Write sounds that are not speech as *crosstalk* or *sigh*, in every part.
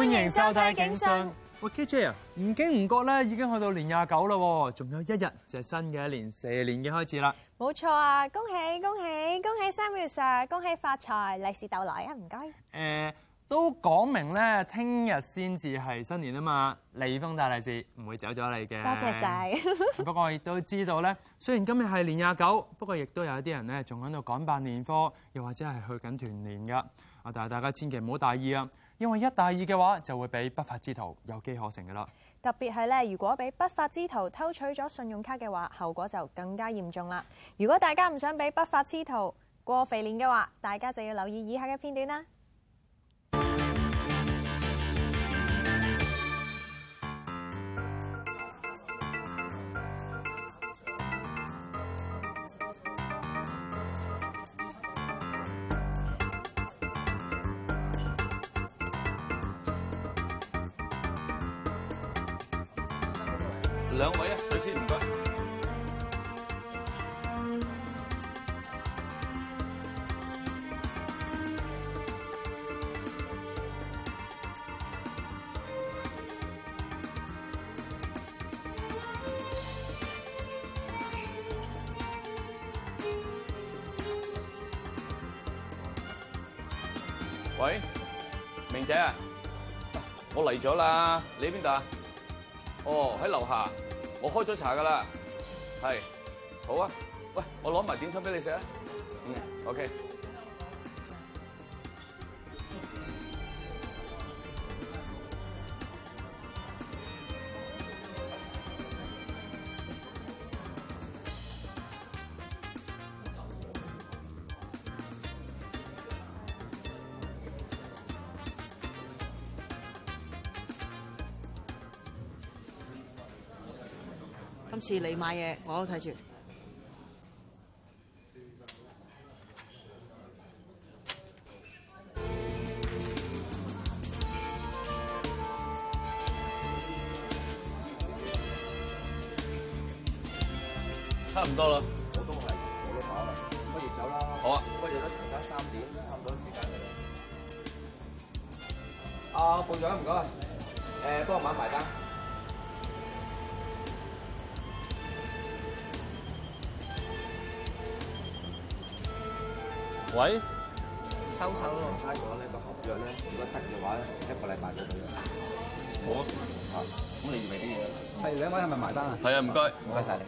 歡迎收睇《警訊》，喂 KJ 啊，唔經唔覺咧，已經去到年廿九啦，仲有一日就係新嘅一年蛇年嘅開始啦。冇錯啊，恭喜恭喜恭喜三月 Sir，恭喜發財，利是到來啊！唔該。誒，都講明咧，聽日先至係新年啊嘛，利豐大利是唔會走咗你嘅。多謝晒。不過我亦都知道咧，雖然今日係年廿九，不過亦都有一啲人咧仲喺度趕辦年貨，又或者係去緊團年噶。啊，但係大家千祈唔好大意啊！因為一大二嘅話就會俾不法之徒有機可乘噶啦，特別係咧，如果俾不法之徒偷取咗信用卡嘅話，後果就更加嚴重啦。如果大家唔想俾不法之徒過肥年嘅話，大家就要留意以下嘅片段啦。喂，明仔啊，我嚟咗啦，你邊度啊？哦，喺樓下，我開咗茶噶啦，係，好啊，喂，我攞埋點心俾你食啊，嗯的，OK。今次你買嘢，我都睇住。喂，收手咯，如果呢個合約咧，如果得嘅話，一個禮拜就到啦。好啊，咁你預備啲嘢。係兩位係咪埋單啊？係啊，唔該，唔該晒你。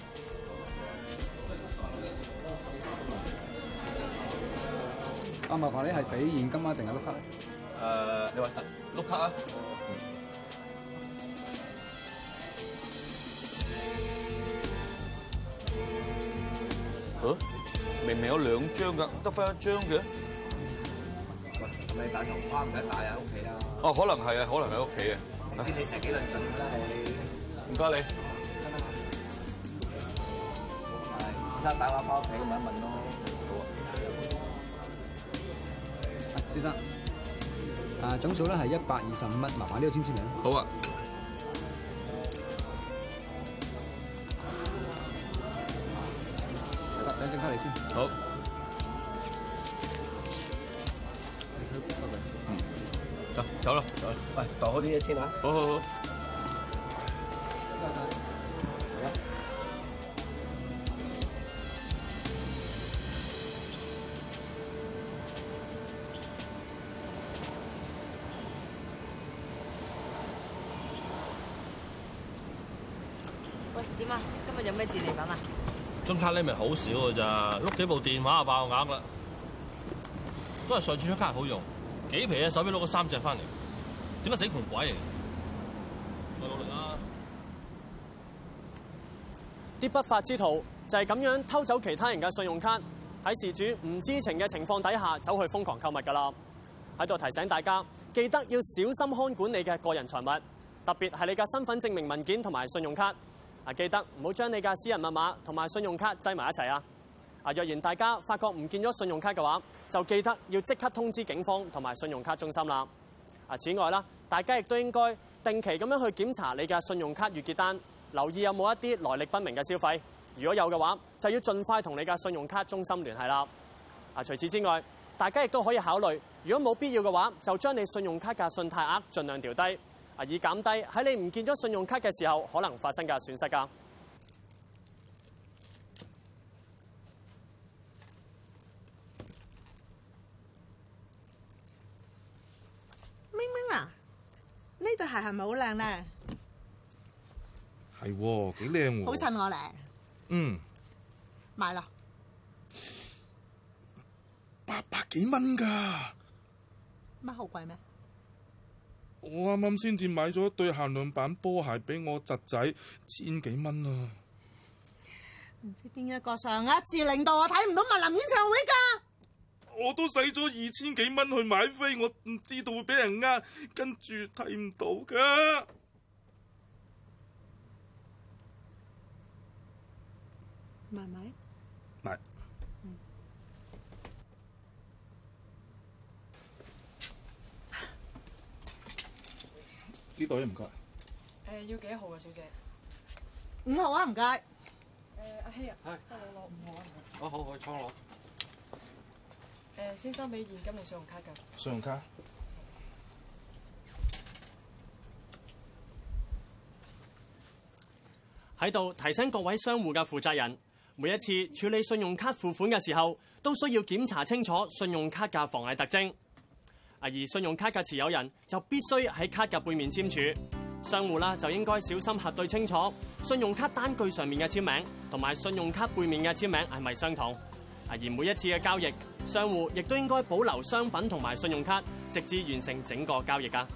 麻煩你係俾現金啊定係碌卡咧？誒，你話十碌卡啊？嗯。明明有兩張㗎，得翻一張嘅。喂，係咪帶桃花唔使帶喺屋企啊？哦，可能係啊，可能喺屋企啊。唔知你成幾論盡啦你？唔該你。咁啊，打電話返屋企問一問咯。好啊。啊，先生，啊，總數咧係一百二十五蚊，麻煩呢個簽個名啦。好啊。好，收埋，嗯，走走啦，走啦，喂，袋好啲嘢先啊，好，好，好。喂，點啊？今日有咩戰利品啊？張卡咧咪好少嘅咋，碌幾部電話就爆硬啦。都係上次張卡好用，幾皮啊！手尾碌咗三隻翻嚟，點解死窮鬼嚟？再努力啦！啲不法之徒就係咁樣偷走其他人嘅信用卡，喺事主唔知情嘅情況底下走去瘋狂購物㗎啦。喺度提醒大家，記得要小心看管你嘅個人財物，特別係你嘅身份證明文件同埋信用卡。啊！記得唔好將你嘅私人密碼同埋信用卡擠埋一齊啊！啊，若然大家發覺唔見咗信用卡嘅話，就記得要即刻通知警方同埋信用卡中心啦！啊，此外啦，大家亦都應該定期咁樣去檢查你嘅信用卡月結單，留意有冇一啲來歷不明嘅消費。如果有嘅話，就要盡快同你嘅信用卡中心聯繫啦！啊，除此之外，大家亦都可以考慮，如果冇必要嘅話，就將你信用卡嘅信貸額盡量調低。啊！以減低喺你唔見咗信用卡嘅時候可能發生嘅損失噶。明明啊，呢對鞋係咪好靚咧？係，幾靚喎！好襯我咧。嗯。買喇。八百幾蚊㗎。乜好貴咩？我啱啱先至買咗對限量版波鞋俾我侄仔，千幾蚊啊！唔知邊一個上一次令到我睇唔到密林演唱會噶？我都使咗二千幾蚊去買飛，我唔知道會俾人呃，跟住睇唔到噶。呢度唔該。誒、呃，要幾號啊，小姐？五號啊，唔該。誒、呃，阿希啊。係是。幫你攞五號啊。哦，好，去倉攞。誒、呃，先生，俾現金定信用卡噶？信用卡。喺度提醒各位商戶嘅負責人，每一次處理信用卡付款嘅時候，都需要檢查清楚信用卡嘅防偽特徵。而信用卡嘅持有人就必須喺卡嘅背面簽署。商戶啦，就應該小心核對清楚信用卡單據上面嘅簽名同埋信用卡背面嘅簽名係咪相同。而每一次嘅交易，商戶亦都應該保留商品同埋信用卡，直至完成整個交易噶。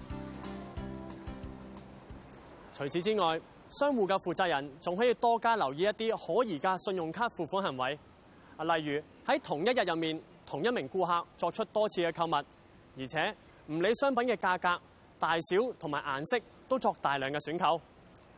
除此之外，商戶嘅負責人仲可以多加留意一啲可疑嘅信用卡付款行為，例如喺同一日入面同一名顧客作出多次嘅購物。而且唔理商品嘅價格、大小同埋顏色，都作大量嘅選購。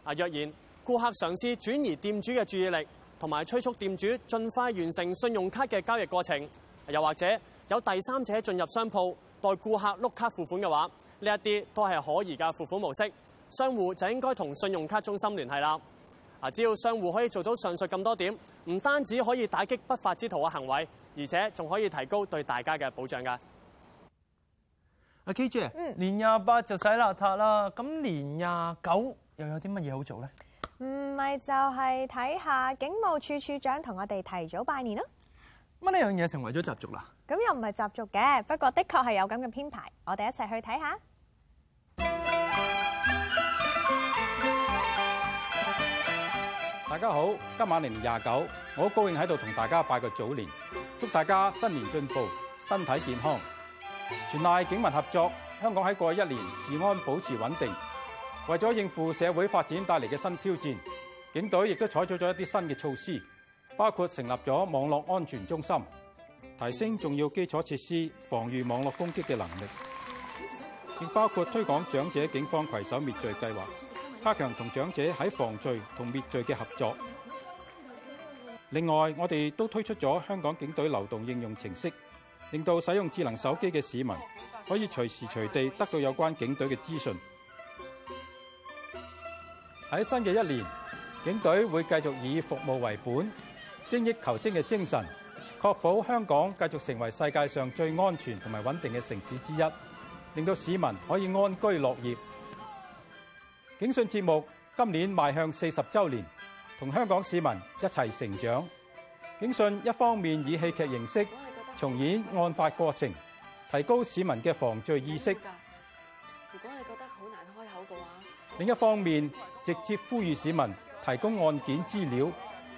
啊，若然顧客嘗試轉移店主嘅注意力，同埋催促店主盡快完成信用卡嘅交易過程，又或者有第三者進入商鋪代顧客碌卡付款嘅話，呢一啲都係可疑嘅付款模式。商戶就應該同信用卡中心聯繫啦。啊，只要商戶可以做到上述咁多點，唔單止可以打擊不法之徒嘅行為，而且仲可以提高對大家嘅保障㗎。阿 KJ，嗯，年廿八就洗邋遢啦，咁年廿九又有啲乜嘢好做咧？唔係就係睇下警務處處長同我哋提早拜年咯。乜呢樣嘢成為咗習俗啦？咁又唔係習俗嘅，不過的確係有咁嘅編排，我哋一齊去睇下。大家好，今晚年廿九，我好高興喺度同大家拜個早年，祝大家新年進步，身體健康。全賴警民合作，香港喺過去一年治安保持穩定。為咗應付社會發展帶嚟嘅新挑戰，警隊亦都採取咗一啲新嘅措施，包括成立咗網絡安全中心，提升重要基礎設施防禦網絡攻擊嘅能力，亦包括推廣長者警方攜手滅罪計劃，加強同長者喺防罪同滅罪嘅合作。另外，我哋都推出咗香港警隊流動應用程式。令到使用智能手機嘅市民可以隨時隨地得到有關警隊嘅資訊。喺新嘅一年，警隊會繼續以服務為本、精益求精嘅精神，確保香港繼續成為世界上最安全同埋穩定嘅城市之一，令到市民可以安居樂業。警訊節目今年邁向四十周年，同香港市民一齊成長。警訊一方面以戲劇形式。重演案發過程，提高市民嘅防罪意識。如果你覺得好難開口嘅話，另一方面直接呼籲市民提供案件資料，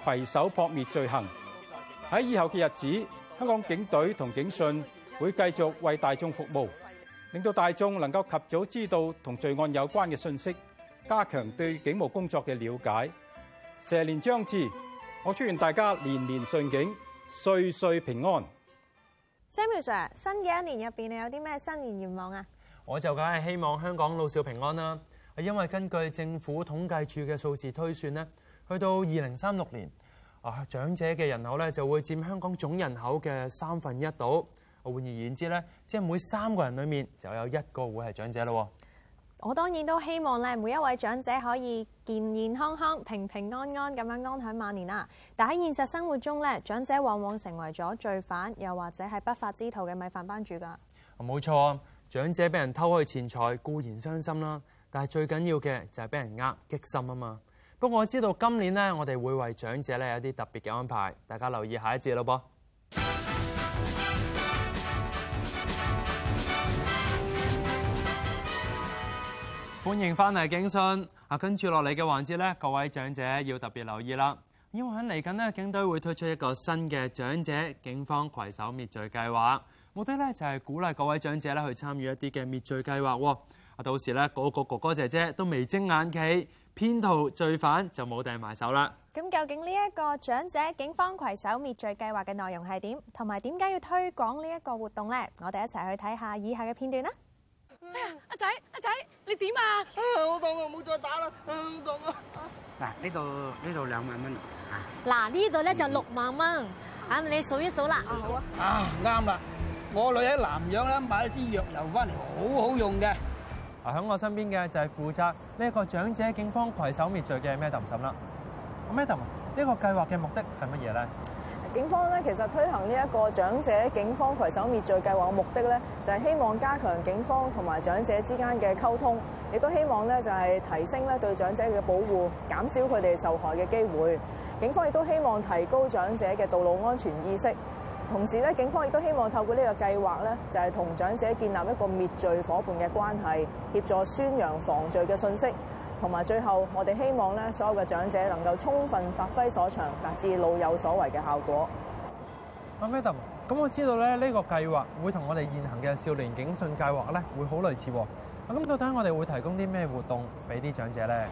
攜手撲滅罪行。喺以後嘅日子，香港警隊同警訊會繼續為大眾服務，令到大眾能夠及早知道同罪案有關嘅訊息，加強對警務工作嘅了解。蛇年將至，我祝願大家年年順境，歲歲平安。Samuel Sir，新嘅一年入邊，你有啲咩新年願望啊？我就梗係希望香港老少平安啦。因為根據政府統計處嘅數字推算咧，去到二零三六年，啊長者嘅人口咧就會佔香港總人口嘅三分一到。換而言之咧，即係每三個人裏面就有一個會係長者咯。我當然都希望咧，每一位長者可以健健康康、平平安安咁樣安享晚年啦。但喺現實生活中咧，長者往往成為咗罪犯，又或者係不法之徒嘅米飯班主㗎。冇錯，長者俾人偷去錢財固然傷心啦，但係最緊要嘅就係俾人呃激心啊嘛。不過我知道今年呢，我哋會為長者咧有啲特別嘅安排，大家留意下一節咯噃。歡迎翻嚟警訊。啊，跟住落嚟嘅環節咧，各位長者要特別留意啦，因為喺嚟緊咧，警隊會推出一個新嘅長者警方攜手滅罪計劃。目的呢就係、是、鼓勵各位長者咧去參與一啲嘅滅罪計劃。啊、哦，到時咧，嗰個哥哥姐姐都眉精眼企，騙徒罪犯就冇地埋手啦。咁究竟呢一個長者警方攜手滅罪計劃嘅內容係點，同埋點解要推廣呢一個活動呢？我哋一齊去睇下以下嘅片段啦。阿仔、嗯，阿仔、哎呀！你點啊？好痛啊！唔好再打啦！啊，好痛啊！嗱，呢度，呢度兩萬蚊啊！嗱，呢度咧就六萬蚊。啊，你數一數啦。啊，好啊。啊，啱啦！我女喺南洋啦，買一支藥油翻嚟，好好用嘅。啊，喺我身邊嘅就係負責呢個長者警方攜手滅罪嘅 Madam 沈啦。阿 Madam，呢個計劃嘅目的係乜嘢咧？警方咧其實推行呢一個長者警方攜手滅罪計劃嘅目的咧，就係希望加強警方同埋長者之間嘅溝通，亦都希望咧就係提升咧對長者嘅保護，減少佢哋受害嘅機會。警方亦都希望提高長者嘅道路安全意識，同時咧警方亦都希望透過呢個計劃咧，就係同長者建立一個滅罪伙伴嘅關係，協助宣揚防罪嘅信息。同埋最後，我哋希望咧，所有嘅長者能夠充分發揮所長，達至老有所為嘅效果。阿 Madam，咁我知道咧，呢個計劃會同我哋現行嘅少年警訊計劃咧，會好類似。啊，咁到底我哋會提供啲咩活動俾啲長者咧？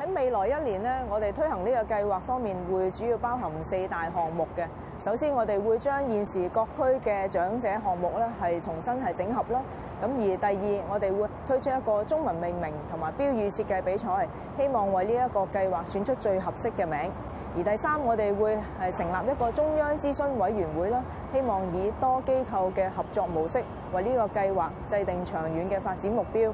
喺未來一年咧，我哋推行呢個計劃方面會主要包含四大項目嘅。首先我哋會將現時各區嘅長者項目咧，係重新係整合啦。咁而第二，我哋會推出一個中文命名同埋標語設計比賽，希望為呢一個計劃選出最合適嘅名。而第三，我哋會係成立一個中央諮詢委員會啦，希望以多機構嘅合作模式為呢個計劃制定長遠嘅發展目標，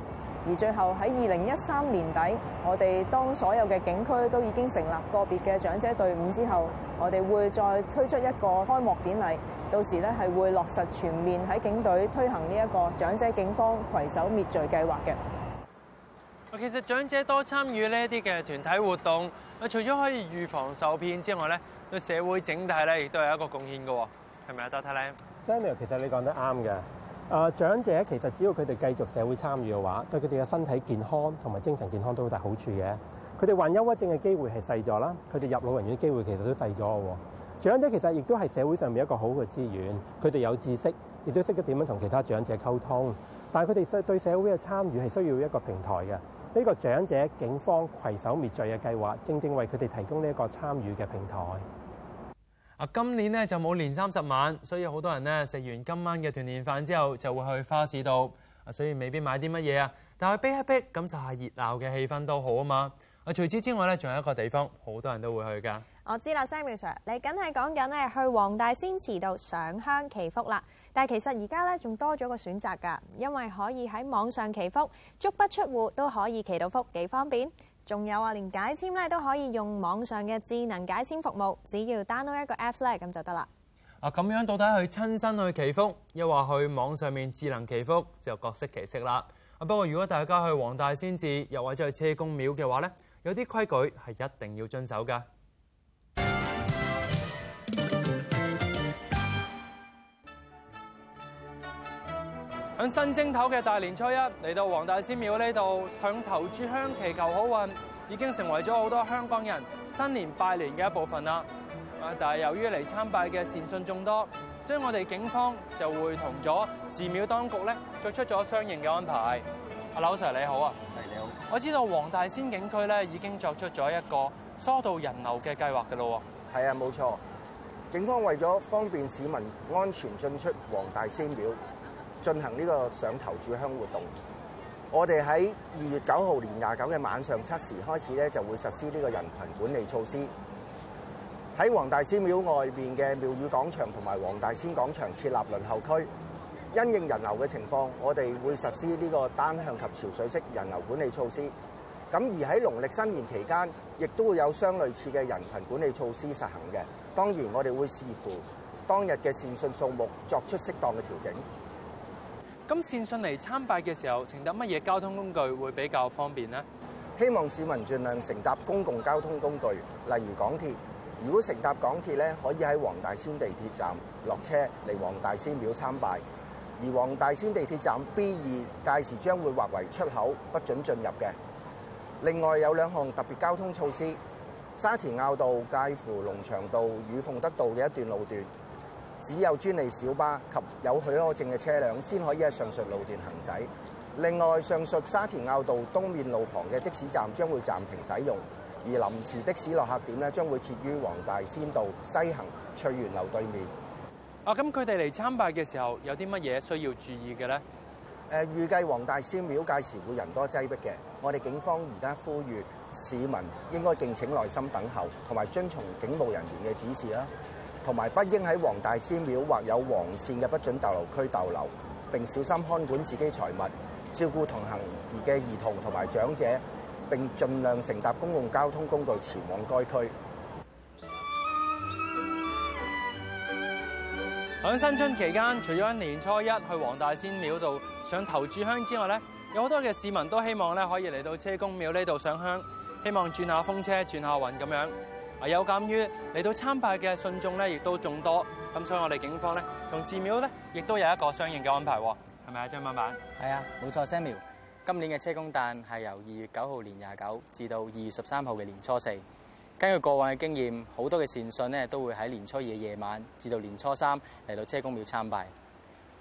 而最後喺二零一三年底，我哋當所有嘅景區都已經成立個別嘅長者隊伍之後，我哋會再推出一個開幕典禮到時咧，係會落實全面喺警隊推行呢一個長者警方攜手滅罪計劃嘅。其實長者多參與呢一啲嘅團體活動，除咗可以預防受騙之外咧，對社會整體咧亦都係一個貢獻嘅，係咪啊？多睇你，Samuel，其實你講得啱嘅。誒，長者其實只要佢哋繼續社會參與嘅話，對佢哋嘅身體健康同埋精神健康都好大好處嘅。佢哋患憂鬱症嘅機會係細咗啦，佢哋入老人院嘅機會其實都細咗嘅喎。長者其實亦都係社會上面一個好嘅資源，佢哋有知識，亦都識得點樣同其他長者溝通。但係佢哋對社會嘅參與係需要一個平台嘅。呢個長者警方攜手滅罪嘅計劃，正正為佢哋提供呢一個參與嘅平台。啊，今年呢就冇年三十晚，所以好多人呢食完今晚嘅團年飯之後，就會去花市度。啊，所以未必買啲乜嘢啊，但係逼一逼咁就係熱鬧嘅氣氛都好啊嘛。除此之外咧，仲有一個地方好多人都會去噶。我知啦 Samuel Sir，你梗係講緊咧去黃大仙祠度上香祈福啦。但係其實而家咧仲多咗個選擇噶，因為可以喺網上祈福，足不出戶都可以祈到福，幾方便。仲有啊，連解籤咧都可以用網上嘅智能解籤服務，只要 download 一個 Apps 咧，咁就得啦。啊，咁樣到底去親身去祈福，又或去網上面智能祈福，就各適其適啦。啊，不過如果大家去黃大仙祠，又或者去車公廟嘅話咧，有啲規矩係一定要遵守㗎。響新正頭嘅大年初一嚟到黃大仙廟呢度上頭炷香祈求好運，已經成為咗好多香港人新年拜年嘅一部分啦。但係由於嚟參拜嘅善信眾多，所以我哋警方就會同咗寺廟當局咧作出咗相應嘅安排。Hello sir 你好啊！我知道黃大仙警區咧已經作出咗一個疏導人流嘅計劃噶咯喎，係啊，冇錯。警方為咗方便市民安全進出黃大仙廟，進行呢個上頭炷香活動，我哋喺二月九號年廿九嘅晚上七時開始咧就會實施呢個人群管理措施。喺黃大仙廟外邊嘅廟宇廣場同埋黃大仙廣場設立輪候區。因應人流嘅情況，我哋會實施呢個單向及潮水式人流管理措施。咁而喺農曆新年期間，亦都會有相類似嘅人群管理措施實行嘅。當然，我哋會視乎當日嘅線訊數目作出適當嘅調整。咁線訊嚟參拜嘅時候，乘搭乜嘢交通工具會比較方便呢？希望市民儘量乘搭公共交通工具，例如港鐵。如果乘搭港鐵咧，可以喺黃大仙地鐵站落車嚟黃大仙廟參拜。而黃大仙地鐵站 B 二屆時將會劃為出口，不准進入嘅。另外有兩項特別交通措施：沙田坳道介乎龍翔道與鳳德道嘅一段路段，只有專利小巴及有許可證嘅車輛先可以喺上述路段行駛。另外，上述沙田坳道東面路旁嘅的，的士站將會暫停使用，而臨時的士落客點咧將會設於黃大仙道西行翠園樓對面。啊！咁佢哋嚟參拜嘅時候有啲乜嘢需要注意嘅咧？誒，預計黃大仙廟屆時會人多擠迫嘅，我哋警方而家呼籲市民應該敬請耐心等候，同埋遵從警務人員嘅指示啦，同埋不應喺黃大仙廟或有黃線嘅不准逗留區逗留，並小心看管自己財物，照顧同行而嘅兒童同埋長者，並盡量乘搭公共交通工具前往該區。喺新春期間，除咗年初一去黃大仙廟度上頭炷香之外咧，有好多嘅市民都希望咧可以嚟到車公廟呢度上香，希望轉下風車、轉下運咁樣。啊，有鑑於嚟到參拜嘅信眾咧，亦都眾多，咁所以我哋警方咧同寺廟咧，亦都有一個相應嘅安排喎。係咪啊，張版版？係啊，冇錯，Samuel，今年嘅車公誕係由二月九號年廿九至到二月十三號嘅年初四。根據過往嘅經驗，好多嘅善信呢都會喺年初二嘅夜晚至到年初三嚟到車公廟參拜。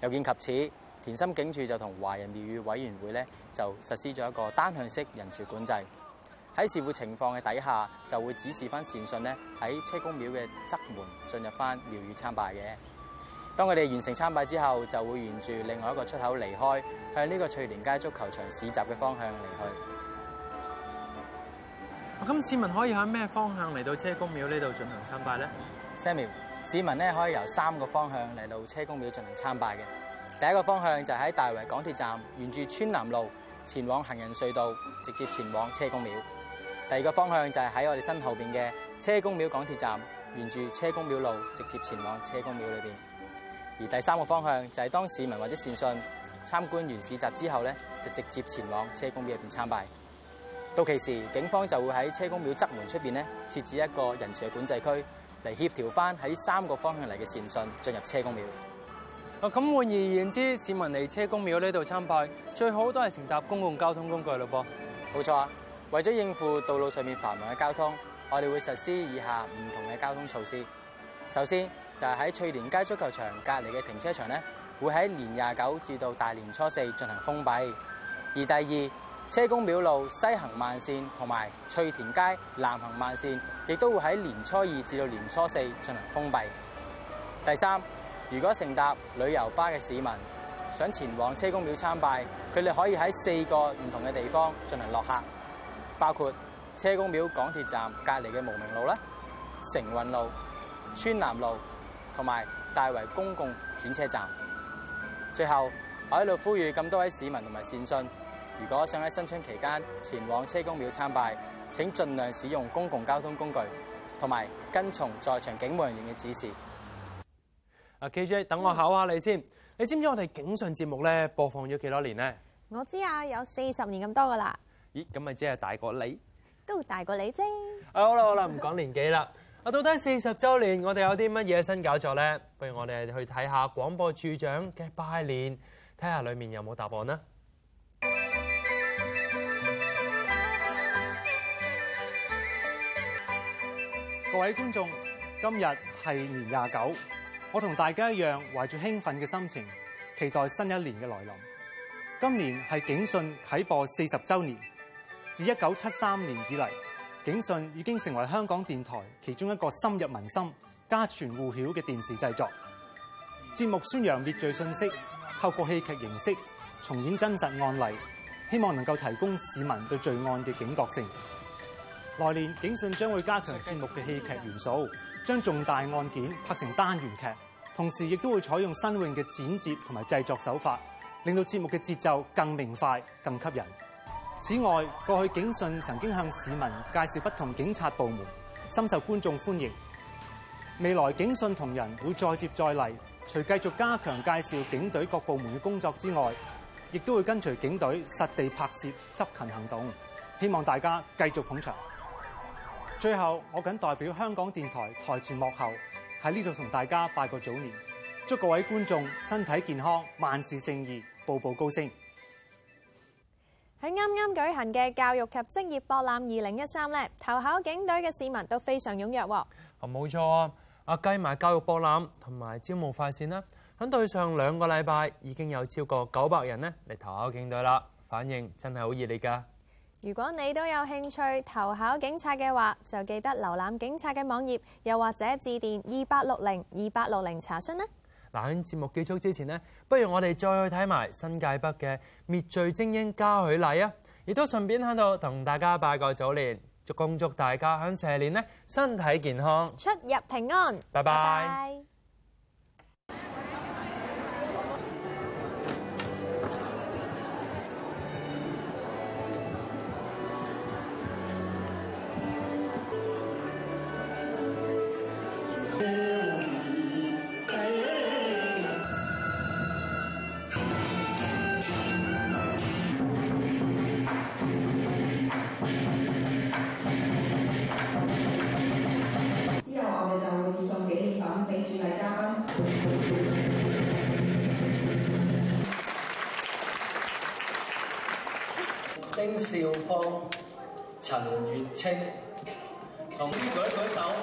有見及此，田心警署就同華人廟宇委員會咧就實施咗一個單向式人潮管制。喺事故情況嘅底下，就會指示翻善信咧喺車公廟嘅側門進入翻廟宇參拜嘅。當佢哋完成參拜之後，就會沿住另外一個出口離開，向呢個翠蓮街足球場市集嘅方向離去。咁市民可以喺咩方向嚟到車公廟呢度進行參拜咧？Sammy，市民咧可以由三個方向嚟到車公廟進行參拜嘅。第一個方向就係喺大圍港鐵站，沿住村南路前往行人隧道，直接前往車公廟。第二個方向就係喺我哋身後邊嘅車公廟港鐵站，沿住車公廟路直接前往車公廟裏邊。而第三個方向就係當市民或者善信參觀完市集之後咧，就直接前往車公廟裏邊參拜。到其時，警方就會喺車公廟側門出邊咧設置一個人潮管制區，嚟協調翻喺三個方向嚟嘅善信進入車公廟。啊，咁換而言之，市民嚟車公廟呢度參拜，最好都係乘搭公共交通工具咯噃。冇錯啊！為咗應付道路上面繁忙嘅交通，我哋會實施以下唔同嘅交通措施。首先就係、係、喺翠蓮街足球場隔離嘅停車場咧，會喺年廿九至到大年初四進行封閉。而第二，車公廟路西行慢線同埋翠田街南行慢線，亦都會喺年初二至到年初四進行封閉。第三，如果乘搭旅遊巴嘅市民想前往車公廟參拜，佢哋可以喺四個唔同嘅地方進行落客，包括車公廟港鐵站隔離嘅無名路啦、成運路、村南路同埋大圍公共轉車站。最後，我喺度呼籲咁多位市民同埋善信，如果想喺新春期間前往車公廟參拜，請盡量使用公共交通工具，同埋跟從在場警務人員嘅指示。啊，K J，等我考下你先，嗯、你知唔知我哋警訊節目咧，播放咗幾多年呢？我知啊，有四十年咁多噶啦。咦，咁咪即係大過你？都大過你啫。啊， *laughs* 好啦好啦，唔講年紀啦。啊， *laughs* 到底四十週年我哋有啲乜嘢新搞作咧？不如我哋去睇下廣播處長嘅拜年，睇下裏面有冇答案呢？各位觀眾，今日係年廿九，我同大家一樣懷住興奮嘅心情，期待新一年嘅來臨。今年係警訊啟播四十週年，自一九七三年以嚟，警訊已經成為香港電台其中一個深入民心、家傳戶曉嘅電視製作。節目宣揚滅罪信息，透過戲劇形式重演真實案例，希望能夠提供市民對罪案嘅警覺性。來年，警訊將會加強節目嘅戲劇元素，將重大案件拍成單元劇，同時亦都會採用新穎嘅剪接同埋製作手法，令到節目嘅節奏更明快、更吸引。此外，過去警訊曾經向市民介紹不同警察部門，深受觀眾歡迎。未來警訊同人會再接再厲，除繼續加強介紹警隊各部門嘅工作之外，亦都會跟隨警隊實地拍攝執勤行動。希望大家繼續捧場。最後，我謹代表香港電台台前幕後喺呢度同大家拜個早年，祝各位觀眾身體健康，萬事勝意，步步高升。喺啱啱舉行嘅教育及職業博覽二零一三咧，投考警隊嘅市民都非常踴躍喎。啊，冇錯啊！啊計埋教育博覽同埋招募快線啦，響對上兩個禮拜已經有超過九百人呢嚟投考警隊啦，反應真係好熱烈噶。如果你都有興趣投考警察嘅話，就記得瀏覽警察嘅網頁，又或者致電二八六零二八六零查詢啦。嗱，喺節目結束之前呢，不如我哋再去睇埋新界北嘅滅罪精英嘉許禮啊！亦都順便喺度同大家拜個早年，祝恭祝大家喺蛇年呢，身體健康、出入平安。拜拜 bye。Bye bye 丁少芳、陳月清，同志，舉舉手。